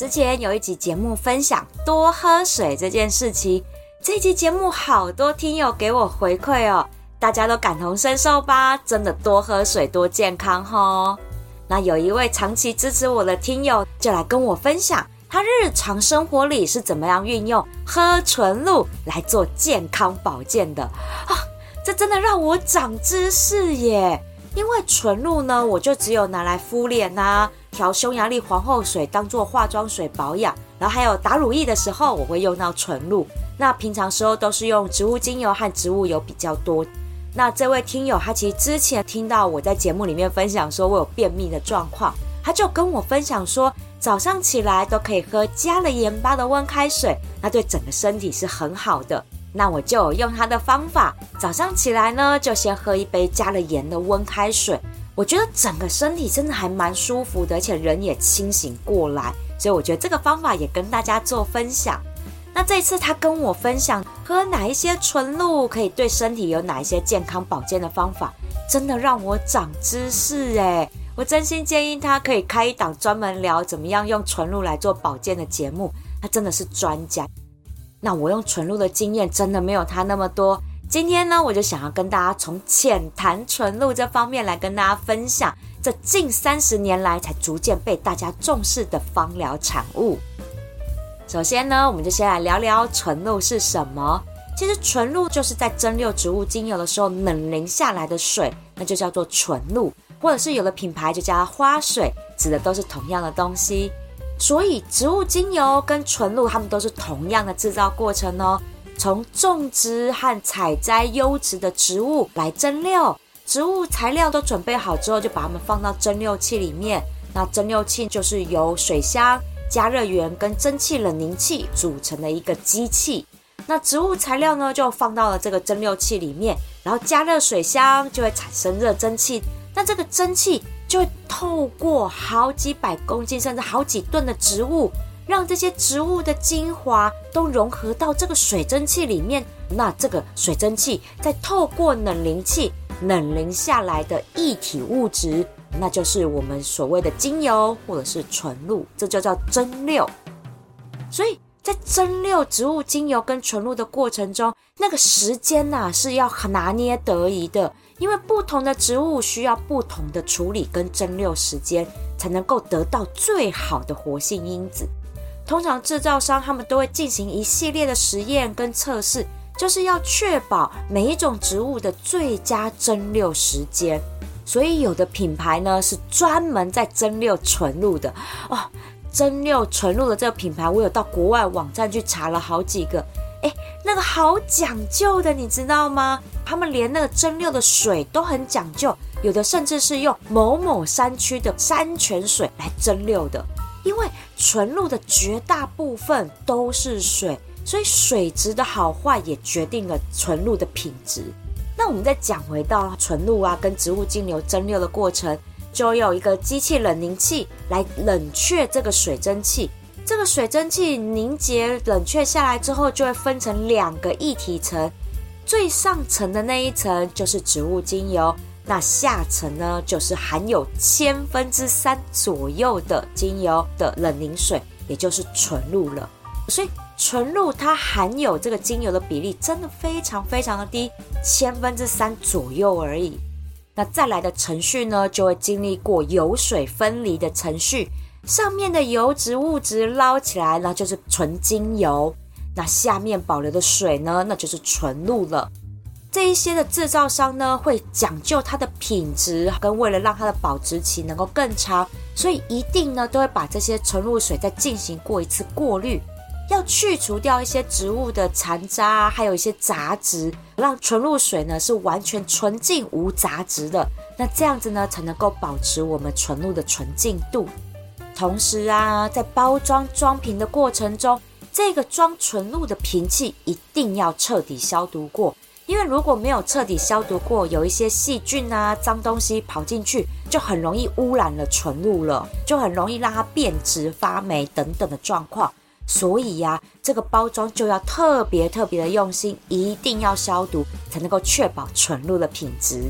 之前有一集節目分享多喝水這件事情，這集節目好多聽友給我回饋哦，大家都感同身受吧？真的多喝水多健康哦。那有一位長期支持我的聽友就來跟我分享，他日常生活裡是怎麼樣運用喝純露來做健康保健的啊？這真的讓我長知識耶！因為純露呢，我就只有拿來敷臉吶、啊，調匈牙利皇后水當做化妝水保養，然後還有打乳液的時候，我會用到純露。那平常時候都是用植物精油和植物油比較多。那這位聽友，他其實之前聽到我在節目裡面分享說我有便秘的狀況，他就跟我分享說，早上起來都可以喝加了鹽巴的溫開水，那對整個身體是很好的。那我就用他的方法，早上起來呢，就先喝一杯加了鹽的溫開水。我覺得整個身體真的還蠻舒服的，而且人也清醒過來。所以我覺得這個方法也跟大家做分享。那這次他跟我分享喝哪一些純露可以對身體有哪一些健康保健的方法，真的讓我長知識誒，我真心建議他可以開一檔專門聊怎麼樣用純露來做保健的節目，他真的是專家。那我用純露的經驗真的沒有它那麼多。今天呢，我就想要跟大家從淺談純露這方面來跟大家分享，這近三十年來才逐漸被大家重視的芳療產物。首先呢，我們就先來聊聊純露是什麼。其實純露就是在蒸餾植物精油的時候冷凝下來的水，那就叫做純露，或者是有的品牌就叫花水，指的都是同樣的東西。所以植物精油跟純露，它們都是同樣的製造過程哦。從種植和採摘優質的植物來蒸餾，植物材料都準備好之後，就把它們放到蒸餾器裡面。那蒸餾器就是由水箱、加熱源跟蒸汽冷凝器組成的一個機器。那植物材料呢，就放到了這個蒸餾器裡面，然後加熱水箱就會產生熱蒸汽。那這個蒸汽。就會透過好幾百公斤甚至好幾噸的植物，讓這些植物的精華都融合到這個水蒸氣裡面。那這個水蒸氣再透過冷凝器冷凝下來的液體物質，那就是我們所謂的精油或者是純露，這就叫蒸餾。所以在蒸餾植物精油跟純露的過程中，那個時間吶、啊、是要拿捏得宜的。因為不同的植物需要不同的處理跟蒸餾時間，才能夠得到最好的活性因子。通常製造商他們都會進行一系列的實驗跟測試，就是要確保每一種植物的最佳蒸餾時間。所以有的品牌呢，是專門在蒸餾純露的哦。蒸餾純露的這個品牌，我有到國外網站去查了好幾個。哎、欸，那個好講究的，你知道嗎？他們連那個蒸餾的水都很講究，有的甚至是用某某山區的山泉水來蒸餾的。因為純露的絕大部分都是水，所以水質的好壞也決定了純露的品質。那我們再講回到純露啊，跟植物精油蒸餾的過程，就有一個機器冷凝器來冷卻這個水蒸氣。這個水蒸氣凝結冷卻下來之後，就會分成兩個液體層，最上層的那一層就是植物精油，那下層呢就是含有千分之三左右的精油的冷凝水，也就是純露了。所以純露它含有這個精油的比例真的非常非常的低，千分之三左右而已。那再來的程序呢，就會經歷過油水分離的程序。上面的油脂物質撈起來呢，就是純精油；那下面保留的水呢，那就是純露了。這一些的製造商呢，會講究它的品質，跟為了讓它的保質期能夠更長，所以一定呢，都會把這些純露水再進行過一次過濾，要去除掉一些植物的殘渣，啊，還有一些雜質，讓純露水呢是完全純淨無雜質的。那這樣子呢，才能夠保持我們純露的純淨度。同時啊，在包裝裝瓶的過程中，這個裝純露的瓶器一定要徹底消毒過。因為如果沒有徹底消毒過，有一些細菌啊、髒東西跑進去，就很容易汙染了純露了，就很容易讓它變質、發霉等等的狀況。所以呀、啊，這個包裝就要特別特別的用心，一定要消毒，才能夠確保純露的品質。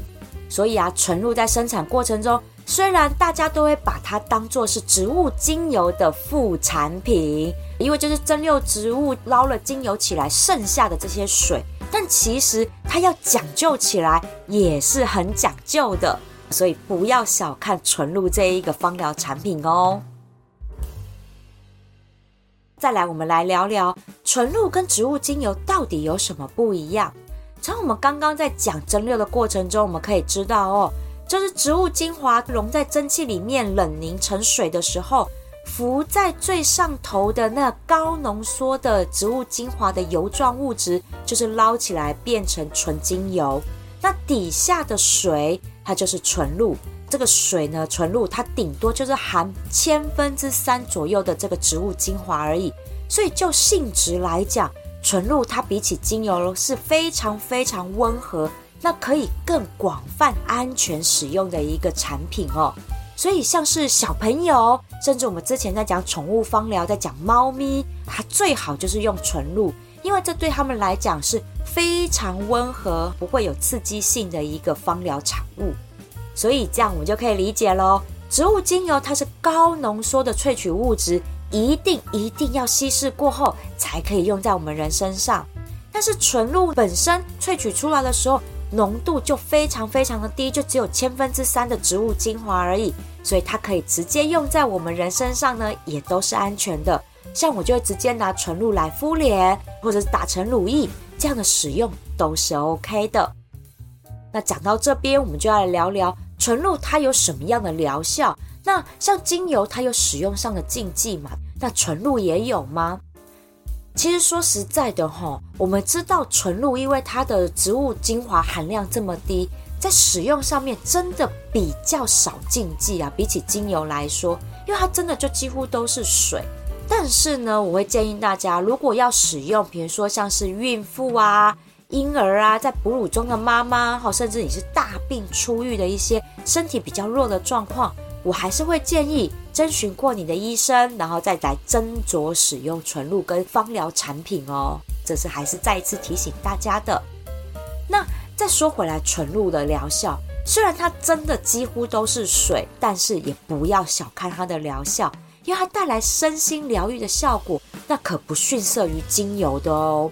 所以啊，純露在生產過程中，雖然大家都會把它當作是植物精油的副產品，因為就是蒸餾植物撈了精油起來剩下的這些水，但其實它要講究起來也是很講究的，所以不要小看純露這一個芳療產品哦。再來，我們來聊聊純露跟植物精油到底有什麼不一樣？從我們剛剛在講蒸餾的過程中，我們可以知道哦。就是植物精華融在蒸汽裡面冷凝成水的時候，浮在最上頭的那高濃縮的植物精華的油狀物質，就是撈起來變成純精油。那底下的水，它就是純露。這個水呢，純露它頂多就是含千分之三左右的這個植物精華而已。所以就性質來講，純露它比起精油是非常非常溫和。那可以更廣泛、安全使用的一個產品哦。所以，像是小朋友，甚至我們之前在講寵物芳療，在講貓咪，它最好就是用純露，因為這對它們來講是非常溫和，不會有刺激性的一個芳療產物。所以，這樣我們就可以理解咯，植物精油它是高濃縮的萃取物質，一定一定要稀釋過後才可以用在我們人身上。但是，純露本身萃取出來的時候，濃度就非常非常的低，就只有千分之三的植物精華而已，所以它可以直接用在我們人身上呢，也都是安全的。像我就會直接拿純露來敷臉，或者是打成乳液這樣的使用都是 OK 的。那講到這邊，我們就要來聊聊純露它有什麼樣的療效。那像精油它有使用上的禁忌嘛？那純露也有嗎？其實說實在的，我們知道純露，因為它的植物精華含量這麼低，在使用上面真的比較少禁忌啊。比起精油來說，因為它真的就幾乎都是水。但是呢，我會建議大家，如果要使用，比如說像是孕婦啊、嬰兒啊、在哺乳中的媽媽，或甚至你是大病初癒的一些身體比較弱的狀況，我還是會建議。徵詢過你的醫生，然後再來斟酌使用純露跟芳療產品哦。這是還是再一次提醒大家的。那再說回來，純露的療效，雖然它真的幾乎都是水，但是也不要小看它的療效，因為它帶來身心療癒的效果，那可不遜色於精油的哦。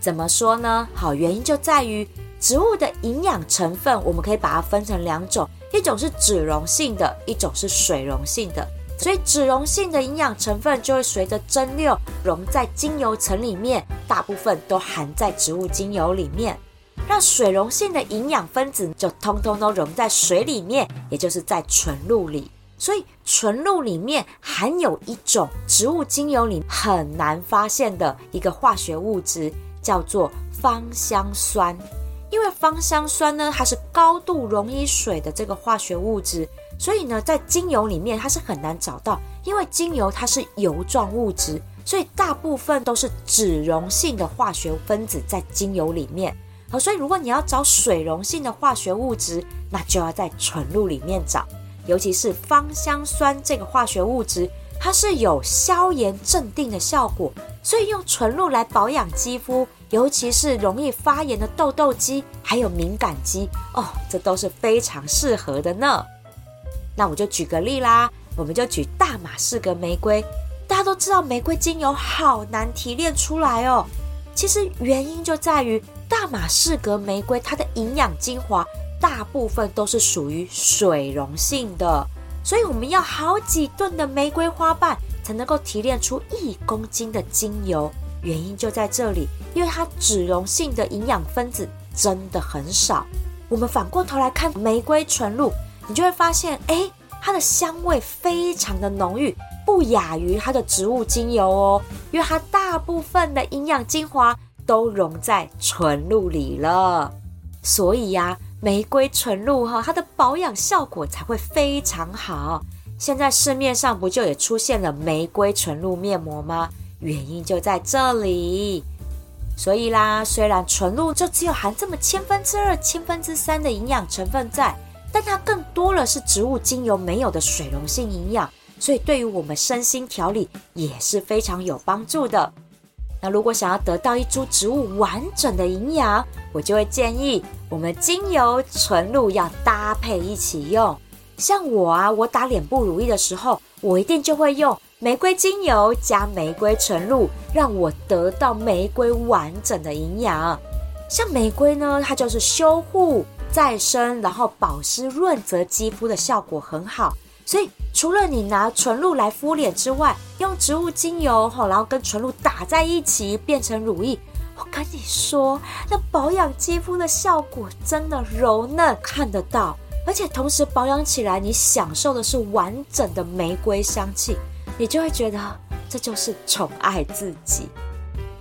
怎麼說呢？好，原因就在於。植物的營養成分，我們可以把它分成兩種，一種是脂溶性的，一種是水溶性的。所以，脂溶性的營養成分就會隨着蒸餾溶在精油層裡面，大部分都含在植物精油裡面。那水溶性的營養分子就通通都溶在水裡面，也就是在純露裡。所以，純露裡面含有一種植物精油裡很難發現的一個化學物質，叫做芳香酸。因為芳香酸呢，它是高度溶於水的這個化學物質，所以呢，在精油裡面它是很難找到。因為精油它是油狀物質，所以大部分都是脂溶性的化學分子在精油裡面。好、哦，所以如果你要找水溶性的化學物質，那就要在純露裡面找。尤其是芳香酸這個化學物質，它是有消炎鎮定的效果，所以用純露來保養肌膚，尤其是容易發炎的痘痘肌，還有敏感肌哦，這都是非常適合的呢。那我就舉個例啦，我們就舉大馬士革玫瑰。大家都知道玫瑰精油好難提煉出來哦，其實原因就在於大馬士革玫瑰它的營養精華大部分都是屬於水溶性的，所以我們要好幾噸的玫瑰花瓣才能夠提煉出一公斤的精油。原因就在這裡，因為它脂溶性的營養分子真的很少。我們反過頭來看玫瑰純露，你就會發現誒，它的香味非常的濃郁，不亞於它的植物精油哦。因為它大部分的營養精華都融在純露裡了，所以呀、啊，玫瑰純露哈、哦，它的保養效果才會非常好。現在市面上不就也出現了玫瑰純露面膜嗎？原因就在這裡，所以啦，雖然純露就只有含這麼千分之二、千分之三的營養成分在，但它更多的是植物精油沒有的水溶性營養，所以對於我們身心調理也是非常有幫助的。那如果想要得到一株植物完整的營養，我就會建議我們精油純露要搭配一起用。像我啊，我打臉部乳液的時候，我一定就會用。玫瑰精油加玫瑰純露，讓我得到玫瑰完整的營養。像玫瑰呢，它就是修護、再生，然後保濕、潤澤肌膚的效果很好。所以，除了你拿純露來敷臉之外，用植物精油吼，然後跟純露打在一起變成乳液，我跟你說，那保養肌膚的效果真的柔嫩，看得到，而且同時保養起來，你享受的是完整的玫瑰香氣。你就會覺得，這就是寵愛自己。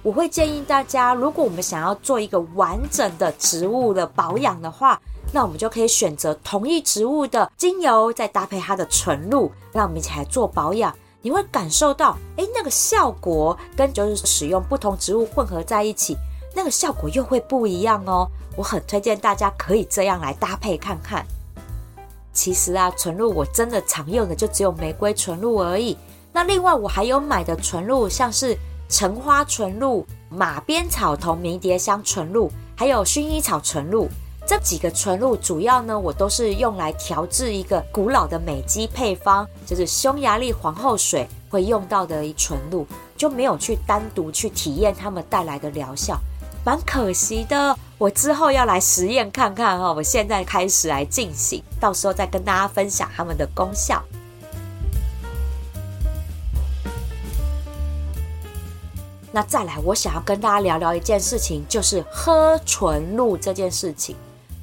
我會建議大家，如果我們想要做一個完整的植物的保養的話，那我們就可以選擇同一植物的精油，再搭配它的純露，讓我們一起來做保養。你會感受到，誒，那個效果跟就是使用不同植物混合在一起，那個效果又會不一樣哦。我很推薦大家可以這樣來搭配看看。其實啊，純露我真的常用的就只有玫瑰純露而已。那另外，我還有買的純露，像是橙花純露、馬鞭草同迷迭香純露，還有薰衣草純露。這幾個純露主要呢，我都是用來調製一個古老的美肌配方，就是匈牙利皇后水會用到的一純露，就沒有去單獨去體驗它們帶來的療效，蠻可惜的。我之後要來實驗看看哈、哦，我現在開始來進行，到時候再跟大家分享它們的功效。那再來，我想要跟大家聊聊一件事情，就是喝純露這件事情。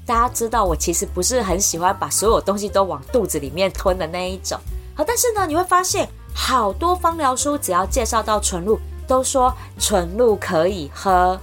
大家知道，我其實不是很喜歡把所有東西都往肚子裡面吞的那一種。好、哦，但是呢，你會發現好多芳療書只要介紹到純露，都說純露可以喝。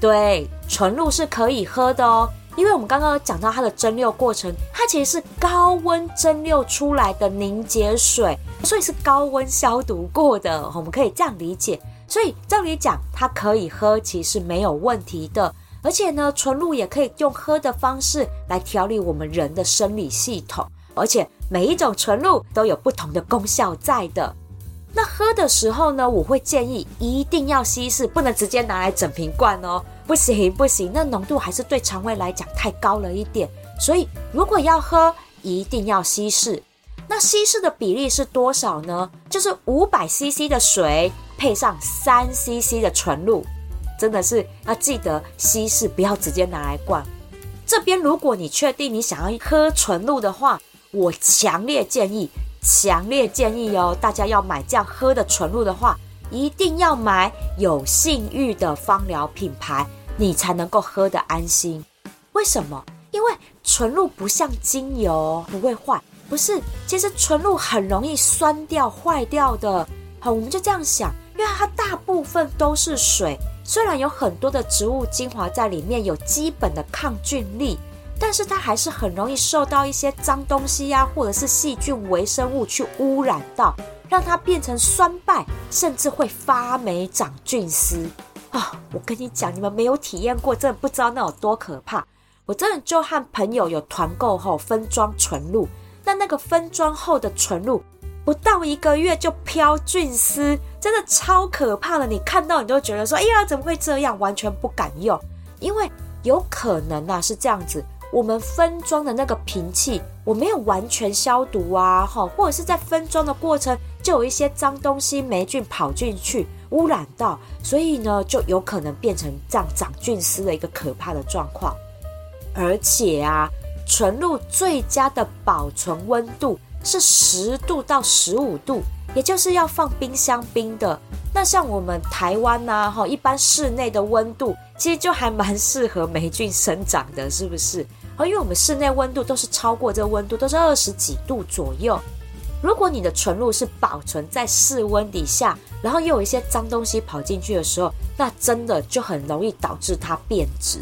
對，純露是可以喝的哦，因為我們剛剛講到它的蒸餾過程，它其實是高溫蒸餾出來的凝結水，所以是高溫消毒過的。我們可以這樣理解。所以照理講，它可以喝，其實沒有問題的。而且呢，純露也可以用喝的方式來調理我們人的生理系統。而且每一種純露都有不同的功效在的。那喝的時候呢，我會建議一定要稀釋，不能直接拿來整瓶灌哦。不行不行，那濃度還是對腸胃來講太高了一點。所以如果要喝，一定要稀釋。那稀釋的比例是多少呢？就是五百 CC 的水。配上三 CC 的純露，真的是要、啊、記得稀釋，不要直接拿來灌。這邊如果你確定你想要喝純露的話，我強烈建議，強烈建議喲、哦，大家要買這樣喝的純露的話，一定要買有信譽的芳療品牌，你才能夠喝得安心。為什麼？因為純露不像精油，不會壞，不是，其實純露很容易酸掉、壞掉的。好，我們就這樣想。對啊，它大部分都是水，雖然有很多的植物精華在裡面，有基本的抗菌力，但是它還是很容易受到一些髒東西呀、啊，或者是細菌微生物去污染到，讓它變成酸敗，甚至會發霉長菌絲啊！我跟你講，你們沒有體驗過，真的不知道那有多可怕。我真的就和朋友有團購後分裝純露，那那個分裝後的純露。不到一個月就飄菌絲，真的超可怕的！你看到你就覺得說：“哎呀，怎麼會這樣？”完全不敢用，因為有可能啊是這樣子。我們分裝的那個瓶器我沒有完全消毒啊，或者是在分裝的過程就有一些髒東西、霉菌跑進去污染到，所以呢就有可能變成這樣長菌絲的一個可怕的狀況。而且啊，純露最佳的保存溫度。是十度到十五度，也就是要放冰箱冰的。那像我們台灣吶，哈，一般室內的溫度其實就還蠻適合霉菌生長的，是不是？哦，因為我們室內溫度都是超過這個溫度，都是二十幾度左右。如果你的純露是保存在室溫底下，然後又有一些髒東西跑進去的時候，那真的就很容易導致它變質。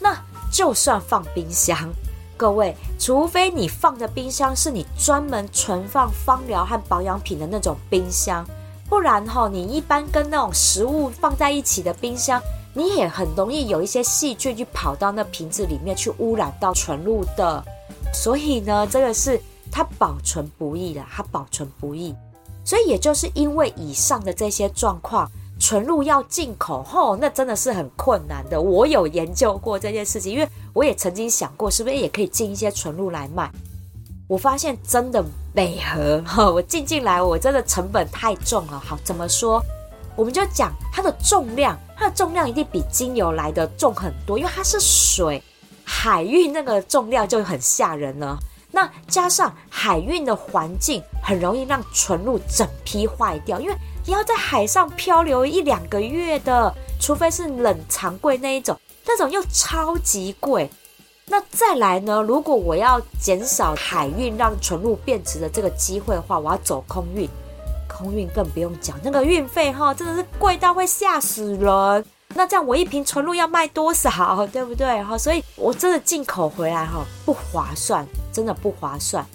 那就算放冰箱。各位，除非你放的冰箱是你專門存放芳療和保養品的那種冰箱，不然吼，你一般跟那種食物放在一起的冰箱，你也很容易有一些細菌去跑到那瓶子裡面去污染到純露的。所以呢，這個是它保存不易的，它保存不易。所以也就是因為以上的這些狀況。純露要進口後、哦,那真的是很困難的。我有研究過這件事情，因為我也曾經想過，是不是也可以進一些純露來賣。我發現真的美和哈、哦，我進進來我真的成本太重了。好，怎麼說？我們就講它的重量，它的重量一定比精油來得重很多，因為它是水，海運那個重量就很嚇人了。那加上海運的環境，很容易讓純露整批壞掉，因為。你要在海上漂流一兩個月的，除非是冷藏櫃那一種，那種又超級貴。那再來呢？如果我要減少海運讓純露變質的這個機會的話，我要走空運，空運更不用講，那個運費哈真的是貴到會嚇死人。那這樣我一瓶純露要賣多少，對不對哈？所以，我真的進口回來哈不划算，真的不划算。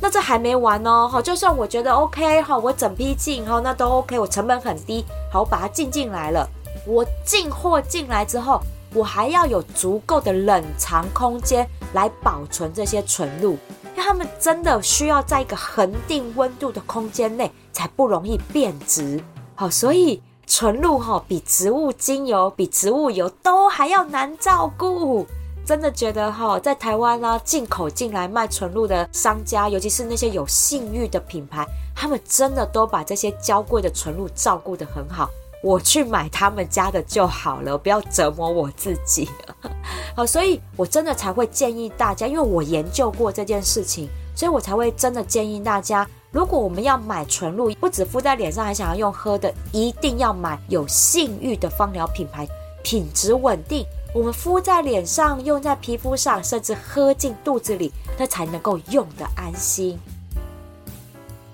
那這還沒完哦，就算我覺得 OK 哈，我整批進哈，那都 OK，我成本很低，好，我把它進進來了。我進貨進來之後，我還要有足夠的冷藏空間來保存這些純露，因為它們真的需要在一個恆定溫度的空間內才不容易變質。好，所以純露哈比植物精油、比植物油都還要難照顧。真的覺得哈、哦，在台灣啦、啊，進口進來賣純露的商家，尤其是那些有信譽的品牌，他們真的都把這些嬌貴的純露照顧得很好。我去買他們家的就好了，不要折磨我自己。 好，所以我真的才會建議大家，因為我研究過這件事情，所以我才會真的建議大家，如果我們要買純露，不只敷在臉上，還想要用喝的，一定要買有信譽的芳療品牌，品質穩定。我們敷在臉上，用在皮膚上，甚至喝進肚子裡，那才能夠用得安心。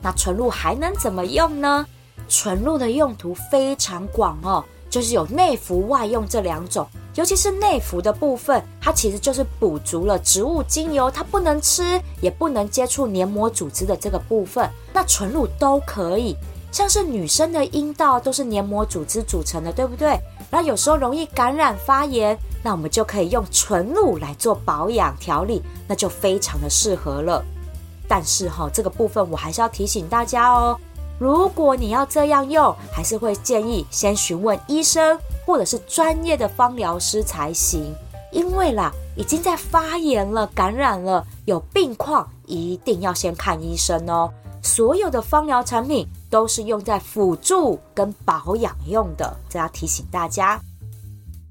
那純露還能怎麼用呢？純露的用途非常廣哦，就是有內服外用這兩種。尤其是內服的部分，它其實就是補足了植物精油，它不能吃，也不能接觸黏膜組織的這個部分。那純露都可以，像是女生的陰道都是黏膜組織組成的，對不對？那有時候容易感染發炎，那我們就可以用純露來做保養調理，那就非常的適合了。但是哈、哦，這個部分我還是要提醒大家哦，如果你要這樣用，還是會建議先詢問醫生或者是專業的芳療師才行，因為啦，已經在發炎了、感染了、有病況，一定要先看醫生哦。所有的芳療產品。都是用在輔助跟保養用的，這要提醒大家。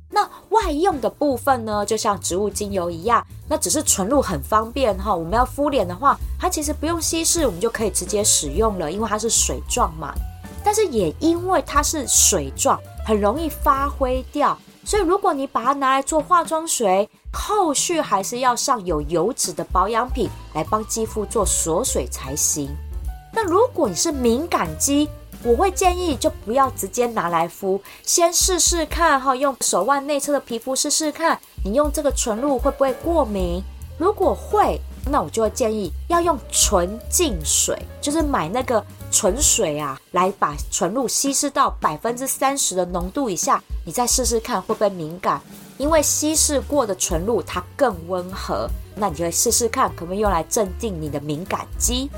那外用的部分呢，就像植物精油一樣，那只是純露很方便哈。我們要敷臉的話，它其實不用稀釋，我們就可以直接使用了，因為它是水狀嘛。但是也因為它是水狀，很容易揮發掉，所以如果你把它拿來做化妝水，後續還是要上有油脂的保養品來幫肌膚做鎖水才行。那如果你是敏感肌，我會建議就不要直接拿來敷，先試試看哈，用手腕內側的皮膚試試看，你用這個純露會不會過敏？如果會，那我就會建議要用純淨水，就是買那個純水啊，來把純露稀釋到百分之三十的濃度以下，你再試試看會不會敏感。因為稀釋過的純露它更溫和，那你就會試試看，可不可以用來鎮定你的敏感肌。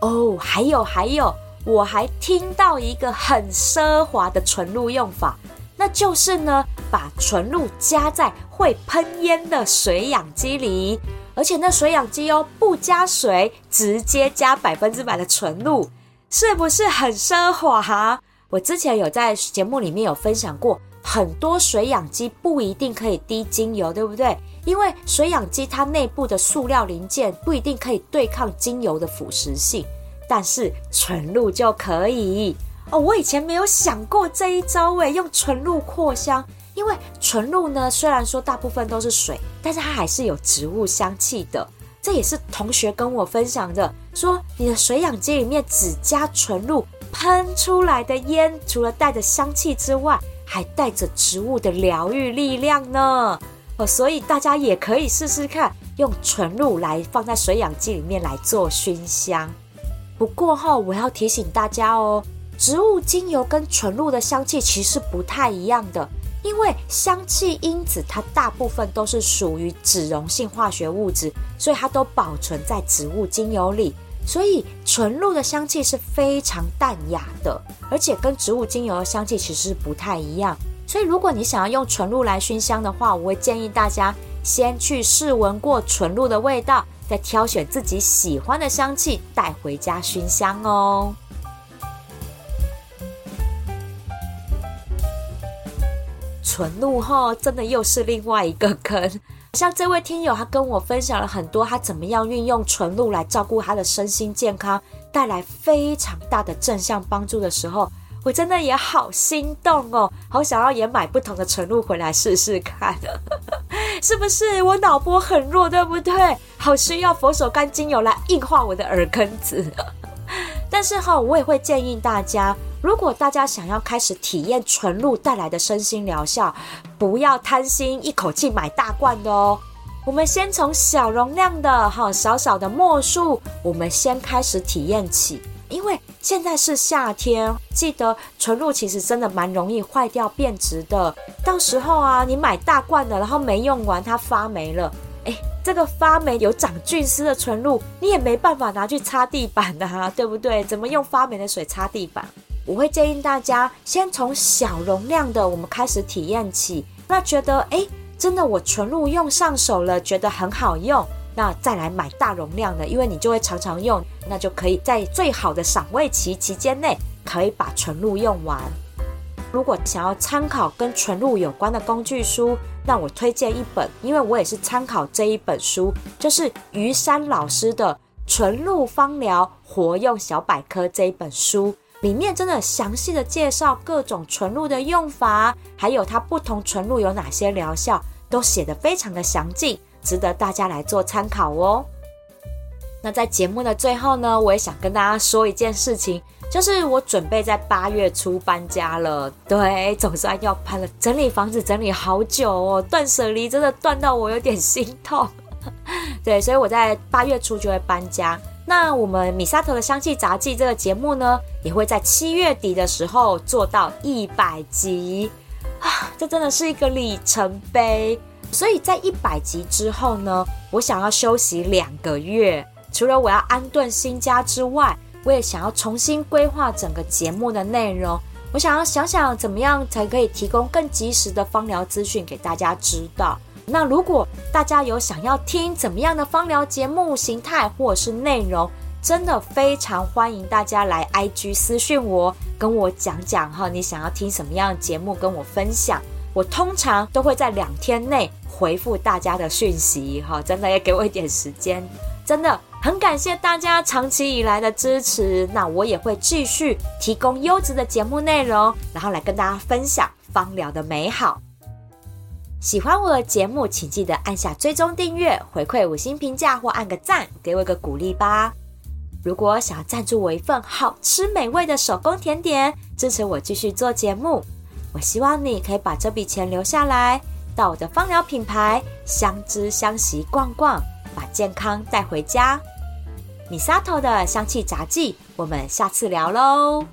哦，oh, 還有還有，我還聽到一個很奢華的純露用法，那就是呢，把純露加在會噴煙的水氧機裡，而且那水氧機哦，不加水，直接加百分之百的純露，是不是很奢華啊？我之前有在節目裡面有分享過。很多水氧機不一定可以滴精油，對不對？因為水氧機它內部的塑料零件不一定可以對抗精油的腐蝕性，但是純露就可以哦。我以前沒有想過這一招誒，用純露擴香。因為純露呢，雖然說大部分都是水，但是它還是有植物香氣的。這也是同學跟我分享的，說你的水氧機裡面只加純露，噴出來的煙除了帶着香氣之外，還帶着植物的療癒力量呢，哦，所以大家也可以試試看，用純露來放在水氧機裡面來做熏香不過哦，我要提醒大家哦，植物精油跟純露的香氣其實不太一樣的，因為香氣因子它大部分都是屬於脂溶性化學物質，所以它都保存在植物精油裡。所以純露的香氣是非常淡雅的，而且跟植物精油的香氣其實不太一樣。所以如果你想要用純露來燻香的話，我會建議大家先去試聞過純露的味道，再挑選自己喜歡的香氣，帶回家燻香哦。純露後真的又是另外一個坑。像這位聽友，他跟我分享了很多他怎麼樣運用純露來照顧他的身心健康，帶來非常大的正向幫助的時候，我真的也好心動哦，好想要也買不同的純露回來試試看， 是不是？我腦波很弱，對不對？好需要佛手柑精油來硬化我的耳根子， 但是哈，我也會建議大家，如果大家想要開始體驗純露帶來的身心療效，不要貪心一口氣買大罐的哦。我們先從小容量的，哈，小小的墨數，我們先開始體驗起。因為現在是夏天，記得純露其實真的蠻容易壞掉變質的。到時候啊，你買大罐的，然後沒用完它發霉了。欸，這個發霉有長菌絲的純露，你也沒辦法拿去擦地板的，啊，對不對？怎麼用發霉的水擦地板？我會建議大家先從小容量的我們開始體驗起，那覺得，誒，真的我純露用上手了，覺得很好用，那再來買大容量的，因為你就會常常用，那就可以在最好的賞味期期間內可以把純露用完。如果想要參考跟純露有關的工具書，那我推薦一本，因為我也是參考這一本書，就是於山老師的《純露芳療活用小百科》這一本書。裡面真的詳細的介紹各種純露的用法，還有它不同純露有哪些療效，都寫得非常的詳盡，值得大家來做參考哦。那在節目的最後呢，我也想跟大家說一件事情，就是我準備在八月初搬家了。對，總算要搬了，整理房子整理好久哦，斷捨離真的斷到我有點心痛。 對，所以我在八月初就會搬家。那我們米沙特的《香氣雜記》這個節目呢，也會在七月底的時候做到一百集啊！這真的是一個里程碑。所以在一百集之後呢，我想要休息兩個月。除了我要安頓新家之外，我也想要重新規劃整個節目的內容。我想要想想怎麼樣才可以提供更及時的芳療資訊給大家知道。那如果大家有想要聽怎麼樣的芳療節目形態或者是內容，真的非常歡迎大家來 IG 私訊我，跟我講講哈，你想要聽什麼樣的節目，跟我分享。我通常都會在兩天內回復大家的訊息哈，真的要給我一點時間，真的很感謝大家長期以來的支持。那我也會繼續提供優質的節目內容，然後來跟大家分享芳療的美好。喜歡我的節目，請記得按下追蹤訂閱、回饋五星評價或按個讚，給我一個鼓勵吧。如果想要贊助我一份好吃美味的手工甜點，支持我繼續做節目，我希望你可以把這筆錢留下來，到我的芳療品牌香知香息逛逛，把健康帶回家。Misato 的香氣雜技，我們下次聊嘍。